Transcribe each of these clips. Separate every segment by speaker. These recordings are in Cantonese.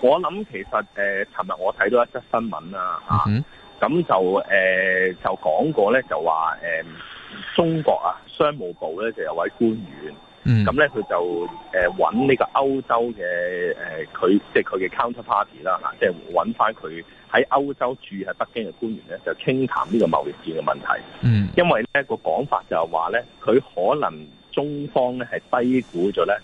Speaker 1: 我諗其實誒，尋、呃、日我睇到一則新聞啦，咁、啊
Speaker 2: mm-hmm.
Speaker 1: 就誒、呃、就講過咧，就話、呃、中國啊，商務部咧就有位官員，咁咧佢就誒揾呢個歐洲嘅佢即係佢嘅 counterparty 啦、啊，即係揾翻佢喺歐洲住喺北京嘅官員咧，就傾談呢個貿易戰嘅問題。嗯、
Speaker 2: mm-hmm.，因
Speaker 1: 為咧、嗰個講法就係話咧，佢可能中方咧係低估咗咧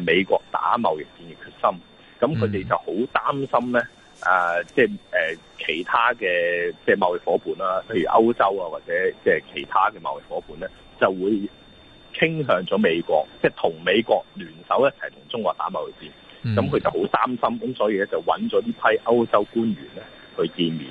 Speaker 1: 美國打貿易戰嘅決心。咁佢哋就好擔心咧，即、呃、係其他嘅即係貿易伙伴啦，譬如歐洲啊，或者即係其他嘅貿易伙伴咧，就會傾向咗美國，即係同美國聯手一齊同中國打貿易戰。咁、嗯、佢就好擔心，咁所以咧就揾咗呢批歐洲官員咧去見面。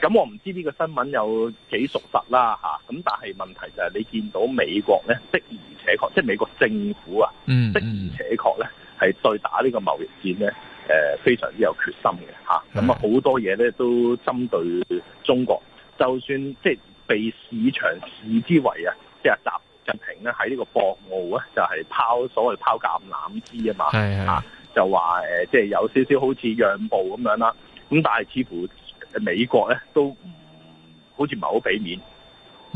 Speaker 1: 咁我唔知呢個新聞有幾屬實啦咁、啊、但係問題就係你見到美國咧，的而且確，即係美國政府啊，
Speaker 2: 的而且
Speaker 1: 確咧。嗯嗯係對打呢個貿易戰咧、呃，非常之有決心嘅。咁啊好多嘢咧都針對中國，就算即係被市場視之為啊，即係習近平咧喺呢個博鰲咧，就係、是、拋所謂拋橄欖枝嘛是是啊嘛就話即係有少少好似讓步咁樣啦。咁但係似乎美國咧都唔好似唔係好俾面。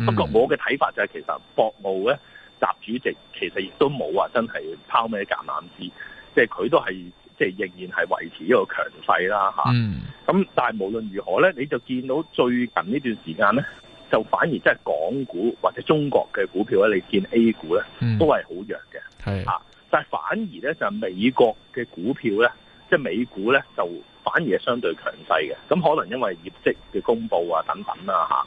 Speaker 1: 不過我嘅睇法就係、是、其實博鰲咧習主席其實亦都冇話真係拋咩橄欖枝。即係佢都係，即係仍然係維持一個強勢啦，吓、嗯。咁但係無論如何咧，你就見到最近呢段時間咧，就反而即係港股或者中國嘅股票咧，你見 A 股咧、嗯，都係好弱嘅，係啊。但係反而咧就美國嘅股票咧，即、就、係、是、美股咧，就反而係相對強勢嘅。咁可能因為業績嘅公布啊等等啦，吓。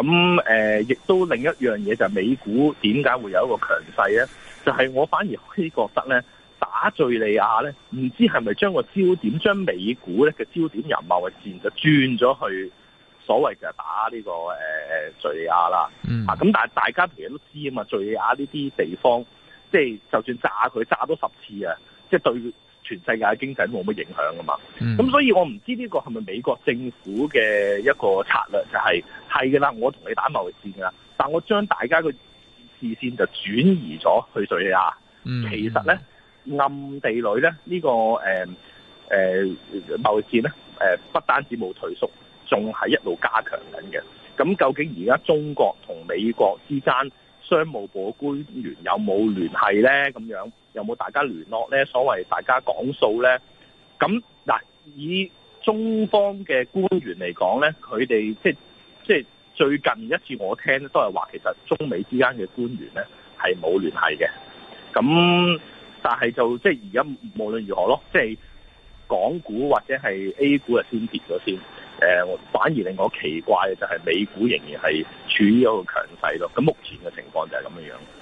Speaker 1: 咁、呃、誒，亦都另一樣嘢就係、是、美股點解會有一個強勢咧？就係、是、我反而可以覺得咧。打敍利亞咧，唔知係咪將個焦點，將美股咧嘅焦點由貿易戰就轉咗去所謂嘅打呢、這個誒、呃、敍利亞啦。
Speaker 2: 咁、嗯啊、但
Speaker 1: 係大家其實都知啊嘛，敍利亞呢啲地方，即、就、係、是、就算炸佢炸多十次啊，即、就、係、是、對全世界經濟都冇乜影響啊嘛。咁、嗯、所以我唔知呢個係咪美國政府嘅一個策略，就係係嘅啦，我同你打貿易戰㗎，但我將大家嘅視線就轉移咗去敍利亞。
Speaker 2: 其實
Speaker 1: 咧～、嗯嗯暗地裏咧，呢個誒誒貿易戰咧，誒不單止冇退縮，仲係一路加強緊嘅。咁究竟而家中國同美國之間商務部官員有冇聯繫咧？咁樣有冇大家聯絡咧？所謂大家講數咧？咁嗱，以中方嘅官員嚟講咧，佢哋即係即係最近一次我聽咧，都係話其實中美之間嘅官員咧係冇聯繫嘅。咁但係就即係而家無論如何咯，即係港股或者係 A 股啊先跌咗先，呃，反而令我奇怪嘅就係美股仍然係處於一個強勢咯。咁目前嘅情況就係咁樣樣。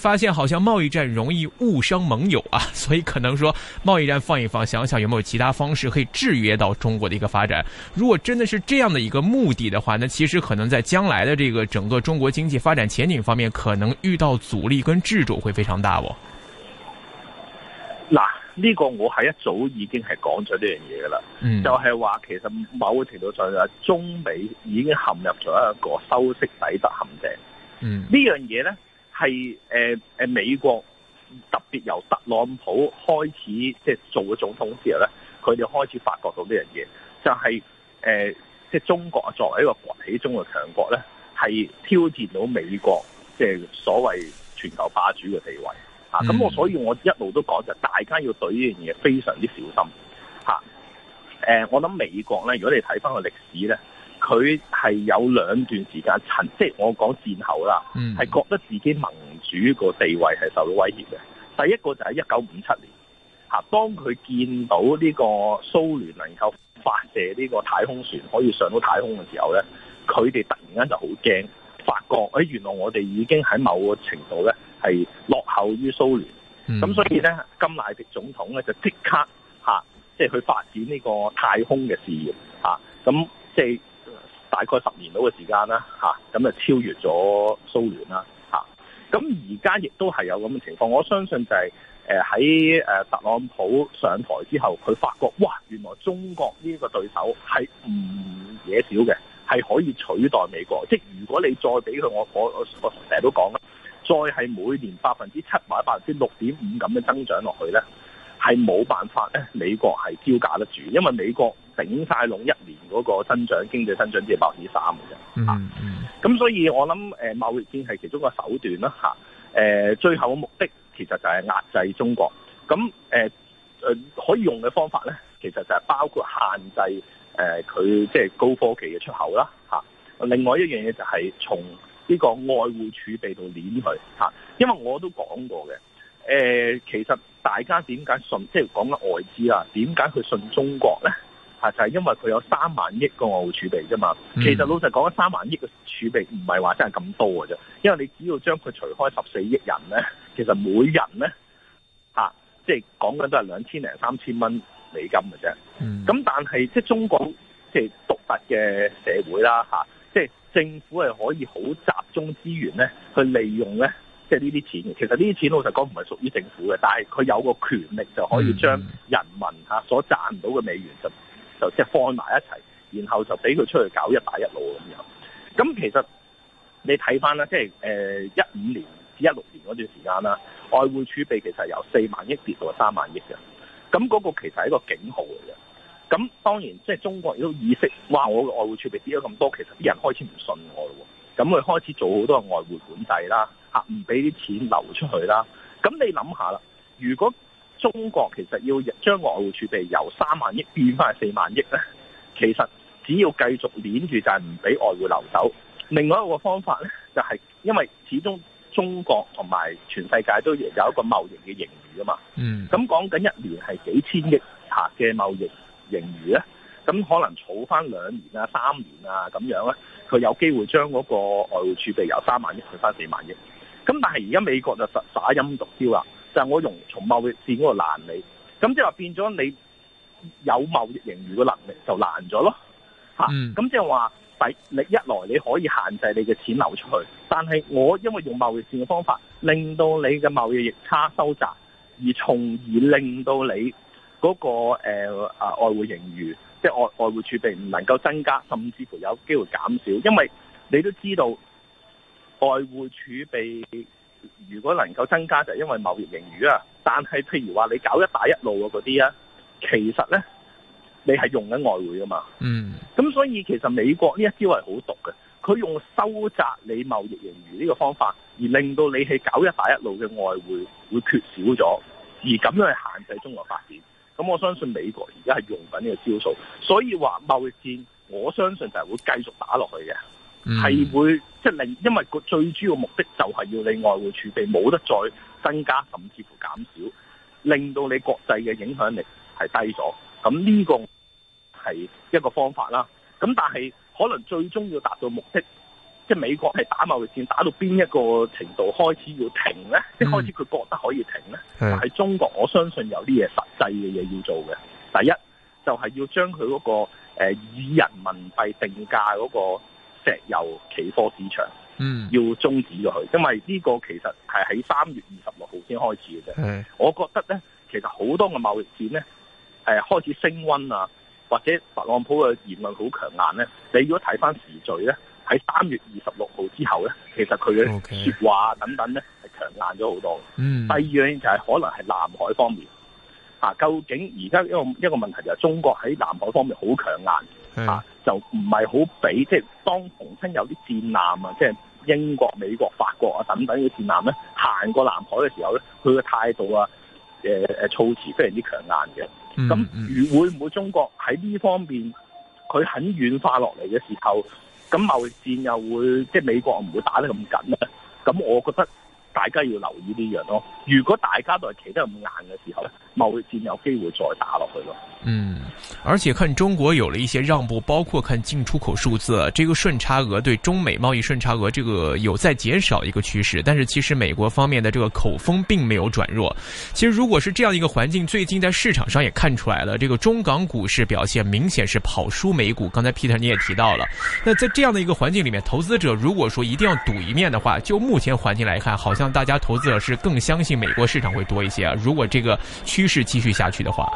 Speaker 3: 發現好像貿易戰容易誤傷盟友啊，所以可能說貿易戰放一放，想想有沒有其他方式可以制約到中國的一個發展。如果真的是這樣的一個目的的話，那其實可能在將來的這個整個中國經濟發展前景方面，可能遇到阻力跟掣肘會非常大，哦。
Speaker 1: 嗱，呢個我係一早已經係講咗呢樣嘢噶啦，就係話其實某程度上啊，中美已經陷入咗一個修昔底德陷阱。嗯，呢樣嘢呢。係誒誒美國特別由特朗普開始即係做咗總統之後咧，佢哋開始發覺到呢樣嘢，就係、是、誒、呃、即係中國作為一個崛起中嘅強國咧，係挑戰到美國即係所謂全球霸主嘅地位嚇。咁、啊、我所以我一路都講就大家要對呢樣嘢非常之小心嚇。誒、啊呃，我諗美國咧，如果你睇翻個歷史咧。佢係有兩段時間，即係我講戰後啦，係覺得自己盟主個地位係受到威脅嘅。第一個就係一九五七年，嚇當佢見到呢個蘇聯能夠發射呢個太空船可以上到太空嘅時候咧，佢哋突然間就好驚，發覺誒、欸、原來我哋已經喺某個程度咧係落後於蘇聯。咁、嗯、所以咧，甘迺迪總統咧就刻、啊、即刻即係去發展呢個太空嘅事業，咁、啊、即係。大概十年到嘅時間啦，吓、啊，咁就超越咗蘇聯啦，吓、啊，咁而家亦都係有咁嘅情況，我相信就係誒喺誒特朗普上台之後，佢發覺哇，原來中國呢個對手係唔惹少嘅，係可以取代美國。即係如果你再俾佢，我我我成日都講啦，再係每年百分之七或百,百分之六點五咁嘅增長落去咧，係冇辦法咧，美國係招架得住，因為美國。頂曬籠一年嗰個增長，經濟增長只係百分之三嘅啫。嚇、啊，咁、mm-hmm. 所以我諗誒、呃、貿易戰係其中一個手段啦，嚇、啊。誒、呃、最後嘅目的其實就係壓制中國。咁誒誒可以用嘅方法咧，其實就係包括限制誒佢、呃、即係高科技嘅出口啦。嚇、啊，另外一樣嘢就係從呢個外匯儲備度鏈佢嚇。因為我都講過嘅，誒、啊、其實大家點解信即係講緊外資呀？點解佢信中國咧？就係、是、因為佢有三萬億個外匯儲備啫嘛，其實老實講，三萬億嘅儲備唔係話真係咁多嘅啫，因為你只要將佢除開十四億人咧，其實每人咧，嚇、啊、即係講緊都係兩千零三千蚊美金嘅啫。咁、嗯、但係即係中國即係獨特嘅社會啦，嚇、啊、即係政府係可以好集中資源咧，去利用咧，即係呢啲錢嘅。其實呢啲錢老實講唔係屬於政府嘅，但係佢有個權力就可以將人民嚇、啊、所賺唔到嘅美元就。就即係放埋一齊，然後就俾佢出去搞一帶一路咁樣。咁其實你睇翻啦，即係誒一五年至一六年嗰段時間啦，外匯儲備其實由四萬億跌到三萬億嘅。咁、那、嗰個其實係一個警號嚟嘅。咁當然即係中國都意識，哇！我外匯儲備跌咗咁多，其實啲人開始唔信我咯。咁佢開始做好多外匯管制啦，嚇唔俾啲錢流出去啦。咁你諗下啦，如果中國其實要將外匯儲備由三萬億變翻四萬億咧，其實只要繼續攆住就係唔俾外匯流走。另外一個方法咧就係，因為始終中國同埋全世界都有一個貿易嘅盈餘啊嘛。嗯。咁講緊一年係幾千億下嘅貿易盈餘咧，咁可能儲翻兩年啊、三年啊咁樣咧，佢有機會將嗰個外匯儲備由三萬億變翻四萬億。咁但係而家美國就耍陰毒招啦。就係、我用從貿易戰嗰度攔你，咁即係話變咗你有貿易盈餘嘅能力就攔咗咯，
Speaker 2: 嚇、嗯，咁
Speaker 1: 即係話你一來你可以限制你嘅錢流出去，但係我因為用貿易戰嘅方法，令到你嘅貿易逆差收窄，而從而令到你嗰、那個、呃、啊外匯盈餘，即、就、係、是、外外匯儲備唔能夠增加，甚至乎有機會減少，因為你都知道外匯儲備。如果能夠增加就係因為貿易盈餘啊，但係譬如話你搞一帶一路嗰啲啊，其實呢，你係用緊外匯㗎嘛，嗯，咁所以其實美國呢一招係好毒嘅，佢用收窄你貿易盈餘呢個方法，而令到你係搞一帶一路嘅外匯會缺少咗，而咁樣去限制中國發展，咁我相信美國而家係用緊呢個招數，所以話貿易戰我相信就係會繼續打落去嘅。係會即令，因為個最主要的目的就係要你外匯儲備冇得再增加，甚至乎減少，令到你國際嘅影響力係低咗。咁呢個係一個方法啦。咁但係可能最終要達到目的，即係美國係打貿易戰，打到邊一個程度開始要停呢？即、嗯、係開始佢覺得可以停呢？是但係中國我相信有啲嘢實際嘅嘢要做嘅。第一就係、是、要將佢嗰個誒、呃、以人民幣定價嗰、那個。石油期貨市場、嗯、要終止咗佢，因為呢個其實係喺三月二十六號先開始嘅啫。係，我覺得咧，其實好多嘅貿易戰咧，誒、呃、開始升溫啊，或者特朗普嘅言論好強硬咧。你如果睇返時序咧，喺三月二十六號之後咧，其實佢嘅説話等等咧係強硬咗好多、嗯。第二樣就係可能係南海方面，啊，究竟而家一個一個問題就係中國喺南海方面好強硬。啊，就唔係好比即係當重新有啲戰艦啊，即係英國、美國、法國啊等等嘅戰艦咧，行過南海嘅時候咧，佢嘅態度啊，誒誒措辭非常之強硬嘅。咁、嗯、會唔會中國喺呢方面佢很軟化落嚟嘅時候，咁貿易戰又會即係美國唔會打得咁緊咧？咁我覺得。大家要留意呢樣咯、哦，如果大家都係企得咁硬嘅時候，貿易戰有機會再打落去
Speaker 3: 咯。嗯，而且看中國有了一些讓步，包括看進出口數字，這個順差額對中美貿易順差額，這個有在減少一個趨勢。但是其實美國方面的這個口風並沒有轉弱。其實如果是這樣一個環境，最近在市場上也看出來了，這個中港股市表現明顯是跑輸美股。剛才 Peter 你也提到了，那在這樣的一個環境裏面，投資者如果說一定要賭一面的話，就目前環境來看，好像。向大家投資者是更相信美國市場會多一些啊！如果這個趨勢繼續下去的話，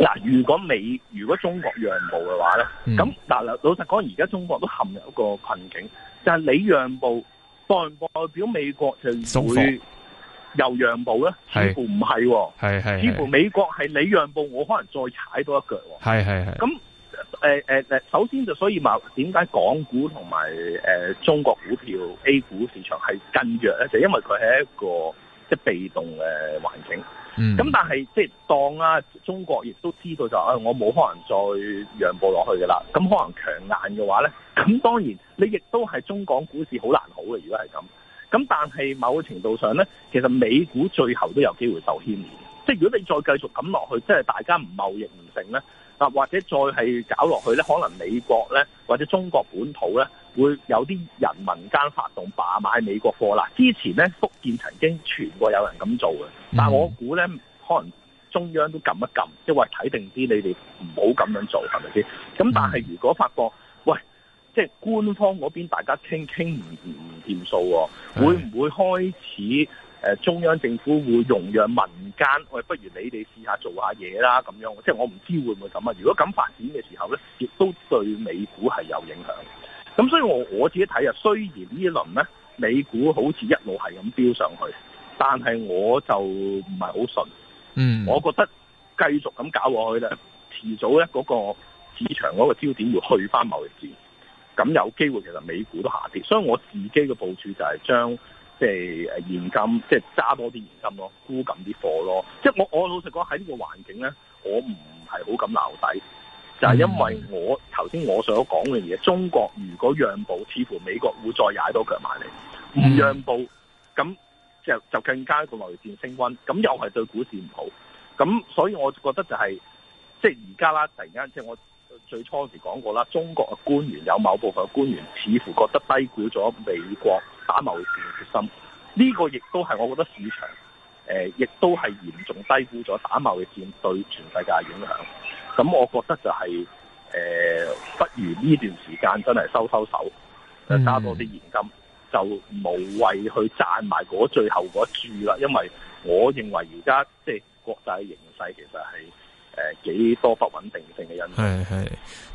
Speaker 1: 嗱，如果美如果中國讓步嘅話咧，咁、嗯、嗱，老老實講，而家中國都陷入一個困境，就係你讓步代唔代表美國就會又讓步咧，似乎唔係、哦，系系，似乎美國係你讓步，我可能再踩多一腳、哦，系系系，咁。誒誒誒，首先就所以話點解港股同埋誒中國股票 A 股市場係近弱咧？就因為佢係一個即係被動嘅環境。嗯。咁但係即係當啊中國亦都知道就啊、哎，我冇可能再讓步落去嘅啦。咁可能強硬嘅話咧，咁當然你亦都係中港股市好難好嘅。如果係咁，咁但係某個程度上咧，其實美股最後都有機會受牽連。即係如果你再繼續咁落去，即係大家唔貿易唔成咧。嗱，或者再係搞落去呢可能美國呢，或者中國本土呢，會有啲人民間發動罷買美國貨啦。之前呢福建曾經傳過有人咁做嘅，但我估呢，可能中央都撳一撳，即係話睇定啲你哋唔好咁樣做，係咪先？咁但係如果發覺，喂，即係官方嗰邊大家傾傾唔唔掂數喎、哦，會唔會開始？誒中央政府會容讓民間，我不如你哋試下做下嘢啦，咁樣即係我唔知會唔會咁啊！如果咁發展嘅時候呢，亦都對美股係有影響。咁所以我我自己睇啊，雖然呢輪呢美股好似一路係咁飆上去，但係我就唔係好信。嗯，我覺得繼續咁搞落去呢，遲早呢嗰個市場嗰個焦點會去返貿易戰，咁有機會其實美股都下跌。所以我自己嘅部署就係將。即係現金，即係揸多啲現金咯，沽緊啲貨咯。即係我我老實講喺呢個環境咧，我唔係好敢留底，就係、是、因為我頭先、嗯、我所講嘅嘢，中國如果讓步，似乎美國會再踩多腳埋嚟；唔讓步，咁就就更加一個貿易戰升温，咁又係對股市唔好。咁所以我覺得就係、是、即係而家啦，突然間即係我最初時講過啦，中國嘅官員有某部分嘅官員似乎覺得低估咗美國。打貿易戰的決心，呢、這個亦都係我覺得市場，誒、呃，亦都係嚴重低估咗打貿易戰對全世界影響。咁我覺得就係、是，誒、呃，不如呢段時間真係收收手，加多啲現金，就無謂去賺埋嗰最後嗰注啦。因為我認為而家即係國際形勢其實係。誒、呃，幾多不穩定性嘅因
Speaker 3: 素？係係。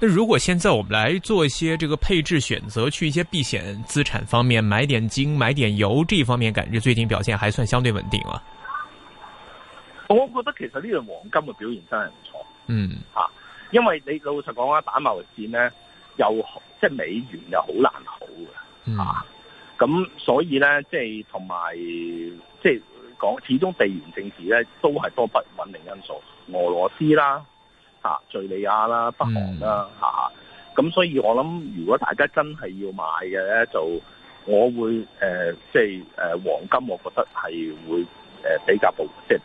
Speaker 3: 如果現在我們來做一些這個配置選擇，去一些避險資產方面買點金、買點油，這一方面感覺最近表現還算相對穩定啊。
Speaker 1: 我覺得其實呢樣黃金嘅表現真係唔錯。嗯，吓，因為你老實講啊，打貿易戰呢，又即係美元又好難好嘅、嗯，啊，咁所以呢，即係同埋即係講，始終地緣政治呢，都係多不穩定因素。俄羅斯啦，嚇、啊，敘利亞啦，北韓啦，咁、嗯啊、所以我諗，如果大家真係要買嘅咧，就我會即係、呃就是呃、黃金，我覺得係會、呃、比較保，即、就是、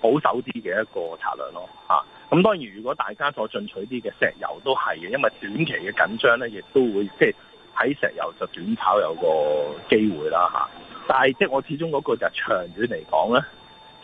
Speaker 1: 保守啲嘅一個策略咯，咁、啊、當然，如果大家再進取啲嘅石油都係嘅，因為短期嘅緊張咧，亦都會即係喺石油就短炒有個機會啦，啊、但係即係我始終嗰個就係長遠嚟講咧，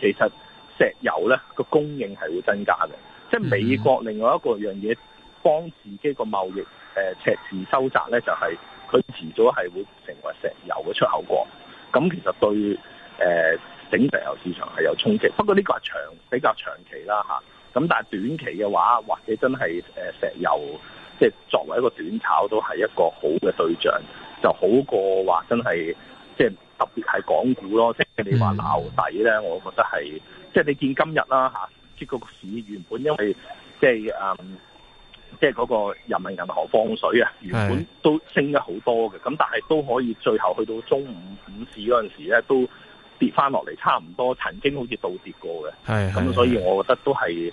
Speaker 1: 其實。石油咧個供應係會增加嘅，即係美國另外一個樣嘢幫自己個貿易誒、呃、赤字收窄咧，就係、是、佢遲早係會成為石油嘅出口國。咁其實對誒、呃、整石油市場係有衝擊，不過呢個係長比較長期啦嚇。咁但係短期嘅話，或者真係石油即係作為一個短炒都係一個好嘅對象，就好過話真係即係特別係港股咯，即係你話鬧底咧，我覺得係。即係你見今日啦嚇，即係個市原本因為即係誒，即係嗰、嗯、個人民銀行放水啊，原本都升得好多嘅，咁但係都可以最後去到中午午市嗰陣時咧，都跌翻落嚟，差唔多曾經好似倒跌過嘅，係咁所以我覺得都係。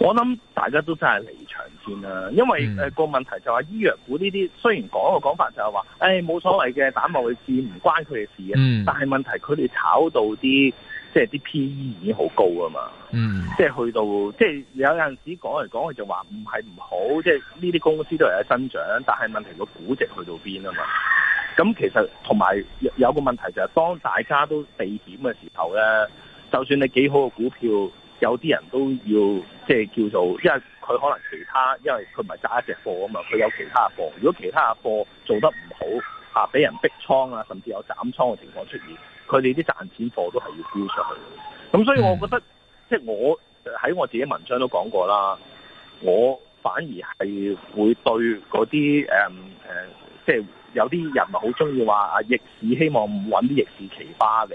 Speaker 1: 我諗大家都真係離場先啦、啊，因為誒、嗯呃、個問題就係、是、醫藥股呢啲，雖然講個講法就係、是、話，誒、哎、冇所謂嘅，打貿易戰唔關佢嘅事啊、嗯。但係問題佢哋炒到啲，即係啲 P E 已經好高啊嘛。嗯、即係去到，即係有陣時講嚟講去就話唔係唔好，即係呢啲公司都有增長，但係問題個估值去到邊啊嘛。咁其實同埋有有個問題就係、是，當大家都避險嘅時候咧，就算你幾好嘅股票。有啲人都要即係、就是、叫做，因為佢可能其他，因為佢唔係揸一隻貨啊嘛，佢有其他貨。如果其他貨做得唔好啊，俾人逼倉啊，甚至有斬倉嘅情況出現，佢哋啲賺錢貨都係要飆上去。咁所以我覺得，mm. 即係我喺我自己文章都講過啦，我反而係會對嗰啲誒誒即係有啲人咪好中意話啊逆市希望搵啲逆市奇葩嘅。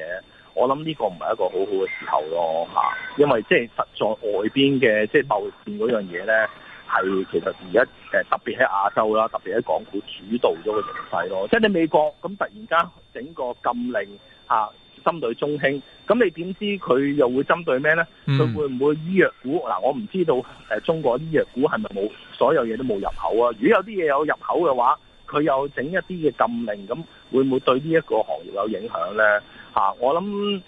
Speaker 1: 我諗呢個唔係一個好好嘅時候咯吓，因為即係實在外邊嘅即係貿易戰嗰樣嘢咧，係其實而家誒特別喺亞洲啦，特別喺港股主導咗個形勢咯。即係你美國咁突然間整個禁令吓、啊、針對中興，咁你點知佢又會針對咩咧？佢會唔會醫藥股嗱？我唔知道誒，中國醫藥股係咪冇所有嘢都冇入口啊？如果有啲嘢有入口嘅話，佢又整一啲嘅禁令咁。會唔會對呢一個行業有影響呢？嚇、啊，我諗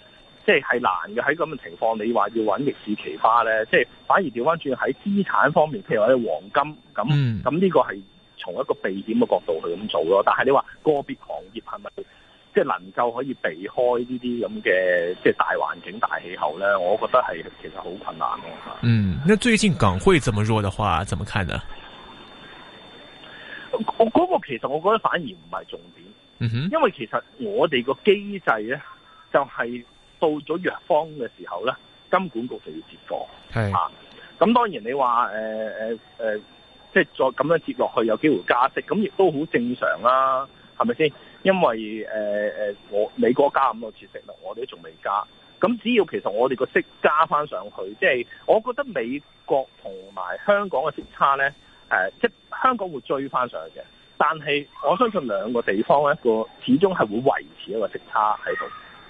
Speaker 1: 即係難嘅喺咁嘅情況，你話要揾逆市奇葩呢，即係反而調翻轉喺資產方面，譬如話啲黃金咁，咁呢、呢個係從一個避險嘅角度去咁做咯。但係你話個別行業係咪即係能夠可以避開呢啲咁嘅即係大環境大氣候呢？我覺得係其實好困難。嗯，
Speaker 3: 那最近港匯這麼弱的話，怎麼看呢？
Speaker 1: 我嗰個，個其實我覺得反而唔係重點。嗯哼、因為其實我哋個機制咧，就係到咗藥方嘅時候咧，金管局就要接貨，係吓。咁、啊、當然你話誒誒誒，即係再咁樣接落去有機會加息，咁亦都好正常啦、啊，係咪先？因為誒誒、呃，我美國加咁多次息啦，我哋都仲未加。咁只要其實我哋個息加翻上去，即係我覺得美國同埋香港嘅息差咧，誒、呃，即係香港會追翻上去嘅。但係，我相信兩個地方咧，個始終係會維持一個息差喺度。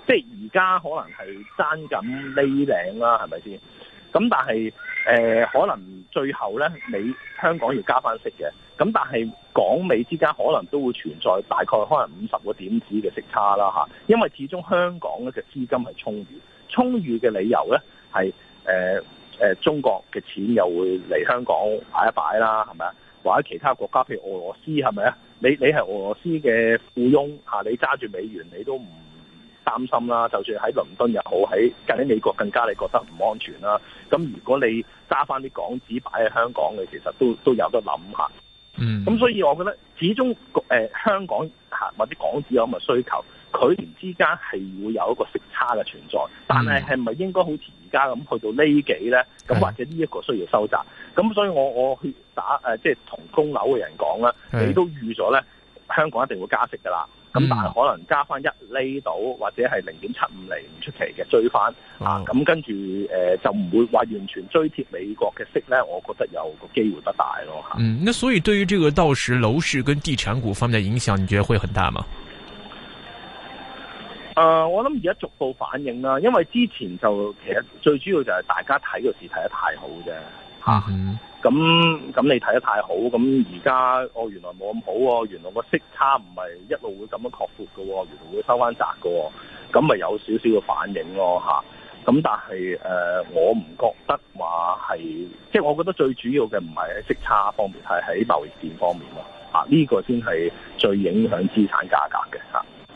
Speaker 1: 即係而家可能係爭緊呢頂啦，係咪先？咁但係、呃、可能最後咧，你香港要加翻息嘅。咁但係港美之間可能都會存在大概可能五十個點子嘅息差啦，嚇。因為始終香港咧嘅資金係充裕，充裕嘅理由咧係、呃呃、中國嘅錢又會嚟香港擺一擺啦，係咪啊？或者其他國家，譬如俄羅斯係咪啊？你你係俄羅斯嘅富翁，你揸住美元你都唔擔心啦。就算喺倫敦又好，喺近喺美國更加你覺得唔安全啦、啊。咁如果你揸翻啲港紙擺喺香港，你其實都都有得諗下。嗯，
Speaker 2: 咁所
Speaker 1: 以我覺得始終、呃、香港、啊、或者港紙有咁嘅需求。佢哋之間係會有一個息差嘅存在，但係係咪應該好似而家咁去到呢幾呢？咁、嗯、或者呢一個需要收窄。咁所以我我去打誒，即係同供樓嘅人講啦、嗯，你都預咗呢香港一定會加息㗎啦。咁但係可能加翻一厘到，或者係零點七五厘唔出奇嘅追翻、哦、啊。咁跟住誒、呃、就唔會話完全追貼美國嘅息呢，我覺得有個機會不大咯。嗯，
Speaker 3: 咁所以對於這個到時樓市跟地產股方面嘅影響，你覺得會很大嗎？
Speaker 1: 誒、uh，我諗而家逐步反映啦，因為之前就其實最主要就係大家睇個市睇得太好啫，
Speaker 2: 吓、啊，
Speaker 1: 咁咁你睇得太好，咁而家哦原來冇咁好喎，原來個息差唔係一路會咁樣擴闊喎，原來會收翻窄噶，咁咪有少少嘅反應咯，吓、啊，咁但係誒、呃，我唔覺得話係，即、就、係、是、我覺得最主要嘅唔係喺息差方面，係喺貿易戰方面咯，吓、啊，呢、這個先係最影響資產價格嘅，吓、
Speaker 3: 啊。